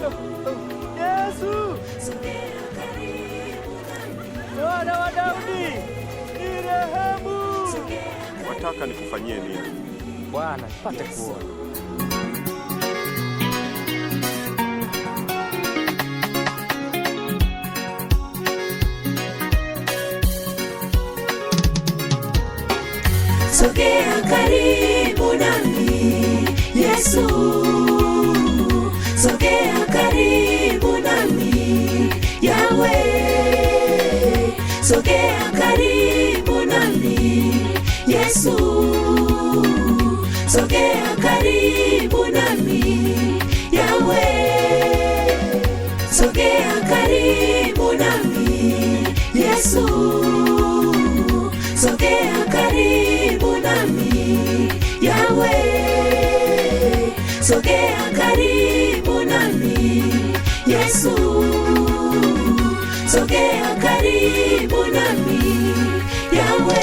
Yesu, Yesu, Bwana wa Daudi, nirehemu. Wataka nikufanyie nini? Bwana, nipate kuona. Sogea karibu nami Yesu. sogea karibu nami Yesu, sogea karibu nami Yawe, sogea karibu nami Yesu, sogea karibu nami Yawe, sogea sogea karibu nami yawe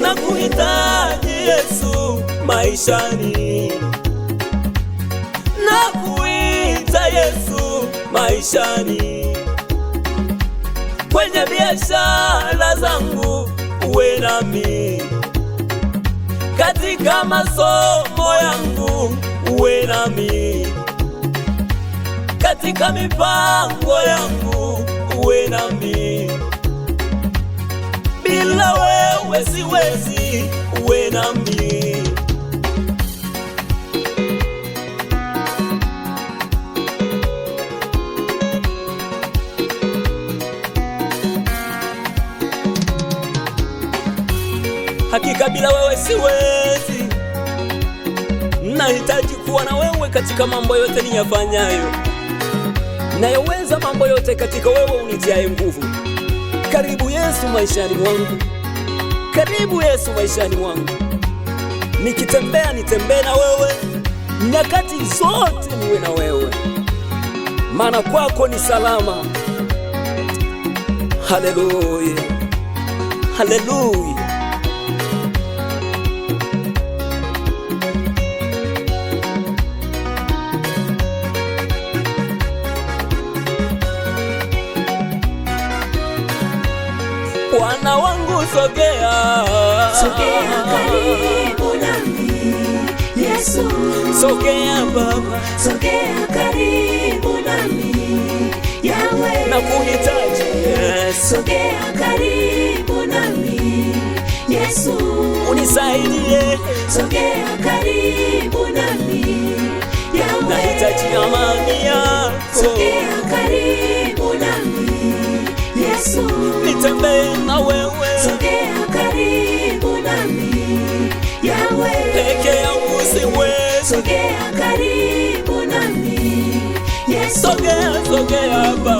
na Yesu maishani na Yesu maishani kwenye biashara zangu uwe nami katika masomo yangu uwe nami katika mipango yangu uwe nami, bila wewe siwezi, uwe nami hakika, bila wewe siwezi. Nahitaji kuwa na wewe katika mambo yote niyafanyayo nayaweza mambo yote katika wewe unitiaye nguvu. Karibu Yesu maishani mwangu, karibu Yesu maishani mwangu. Nikitembea nitembee na wewe, nyakati zote niwe na wewe, maana kwako ni salama. Haleluya, haleluya. Bwana wangu sogea, sogea karibu nami Yesu, sogea Baba, sogea karibu nami Yawe, nakuhitaji Yesu, sogea karibu nami Yesu, unisaidie, sogea karibu nami Yawe, nahitaji amani yako. sogea karibu nami Yesu, sogea sogea Baba,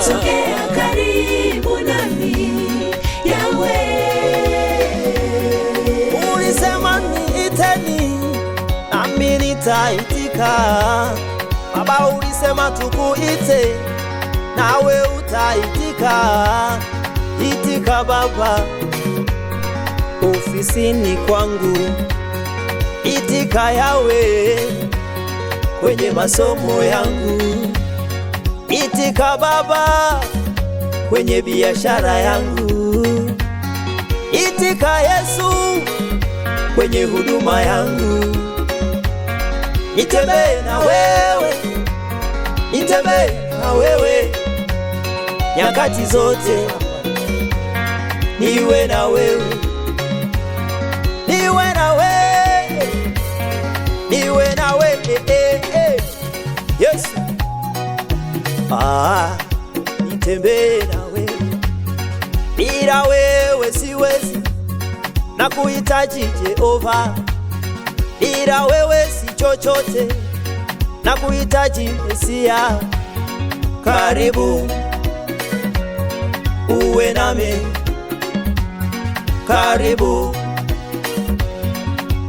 sogea karibu nami Yawe. Ulisema niiteni nami nitaitika Baba, ulisema tukuite nawe utaitika. Itika Baba, ofisini kwangu itika yawe kwenye masomo yangu, itika Baba kwenye biashara yangu, itika Yesu kwenye huduma yangu. Nitembee na wewe, nitembee na wewe nyakati zote, niwe na wewe, niwe na wewe Yes. Ah, nitembee nawe bila wewe siwezi, na Jehova, bila wewe si chochote, na kuhitaji Mesia. Karibu uwe nami, karibu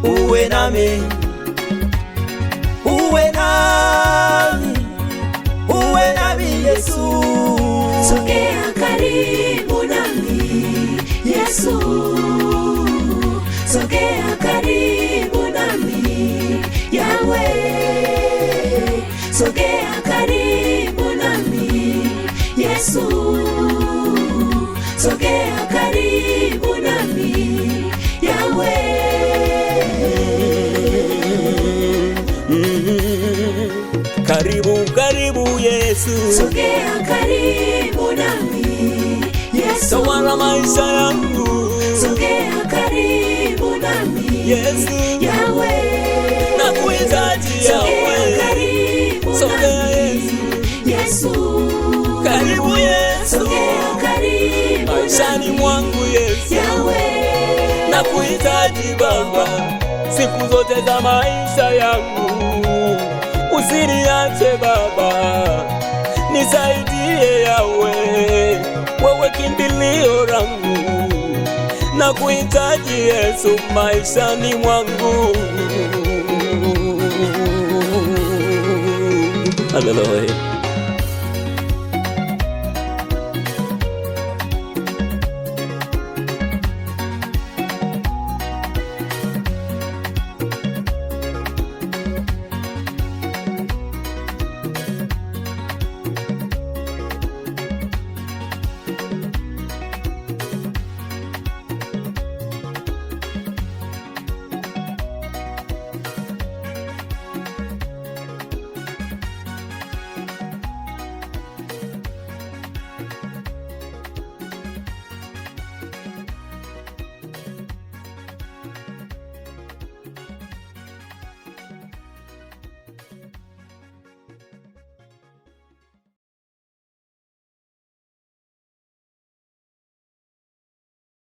uwe nami. sogea karibu nami Yesu, sogea karibu nami Yawe, sogea karibu nami Yesu, sogea karibu nami Yawe. Mm -hmm. Karibu, karibu. Yesu, sogea karibu nami Yesu, tawala maisha yangu, sogea karibu nami Yesu, yawe na kuhitaji yawe, sogea Yesu, Yesu karibu Yesu, sogea karibu maishani mwangu Yesu, yawe na kuhitaji Baba siku zote za maisha yangu, usiniache Baba unisaidie yawe, wewe kimbilio langu, na kuhitaji Yesu maishani mwangu. Haleluya.